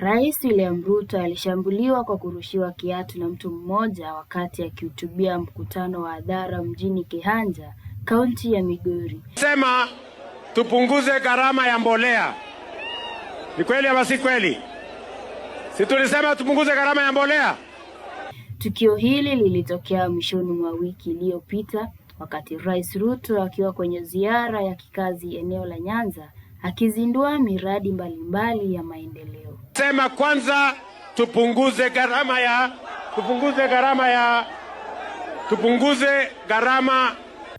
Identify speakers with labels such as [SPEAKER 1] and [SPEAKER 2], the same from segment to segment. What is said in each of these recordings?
[SPEAKER 1] Rais William Ruto alishambuliwa kwa kurushiwa kiatu na mtu mmoja wakati akihutubia mkutano wa hadhara mjini Kihanja, kaunti ya Migori.
[SPEAKER 2] Sema tupunguze gharama ya mbolea. Ni kweli ama si kweli? Si tulisema tupunguze gharama ya mbolea?
[SPEAKER 1] Tukio hili lilitokea mwishoni mwa wiki iliyopita wakati Rais Ruto akiwa kwenye ziara ya kikazi eneo la Nyanza akizindua miradi mbalimbali ya maendeleo
[SPEAKER 2] sema kwanza tupunguze gharama ya tupunguze gharama ya tupunguze gharama.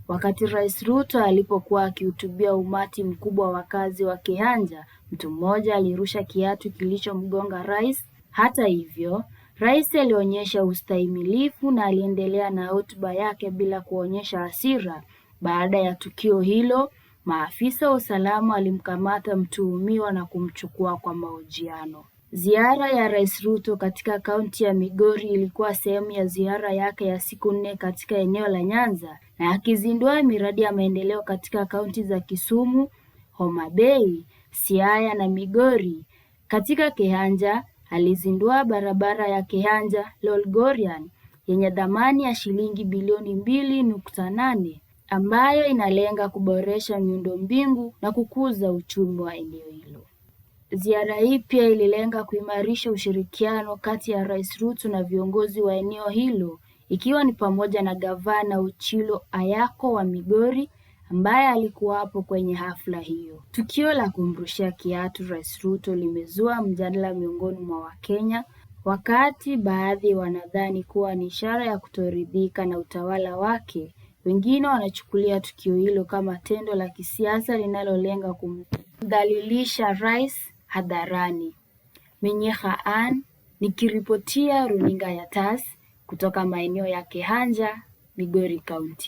[SPEAKER 1] Wakati Rais Ruto alipokuwa akihutubia umati mkubwa wa wakazi wa Kihanja, mtu mmoja alirusha kiatu kilichomgonga rais. Hata hivyo, rais alionyesha ustahimilifu na aliendelea na hotuba yake bila kuonyesha hasira. Baada ya tukio hilo Maafisa wa usalama walimkamata mtuhumiwa na kumchukua kwa mahojiano. Ziara ya Rais Ruto katika kaunti ya Migori ilikuwa sehemu ya ziara yake ya siku nne katika eneo la Nyanza na akizindua miradi ya maendeleo katika kaunti za Kisumu, Homa Bay, Siaya na Migori. Katika Kehanja alizindua barabara ya Kehanja Lolgorian yenye thamani ya shilingi bilioni mbili nukta nane ambayo inalenga kuboresha miundombinu na kukuza uchumi wa eneo hilo. Ziara hii pia ililenga kuimarisha ushirikiano kati ya Rais Ruto na viongozi wa eneo hilo ikiwa ni pamoja na Gavana uchilo Ayako wa Migori ambaye alikuwapo kwenye hafla hiyo. Tukio la kumrushia kiatu Rais Ruto limezua mjadala miongoni mwa Wakenya, wakati baadhi wanadhani kuwa ni ishara ya kutoridhika na utawala wake wengine wanachukulia tukio hilo kama tendo la kisiasa linalolenga kumdhalilisha rais hadharani. Menyeha Ann nikiripotia runinga ya TAS kutoka maeneo ya Kehanja, Migori Kaunti.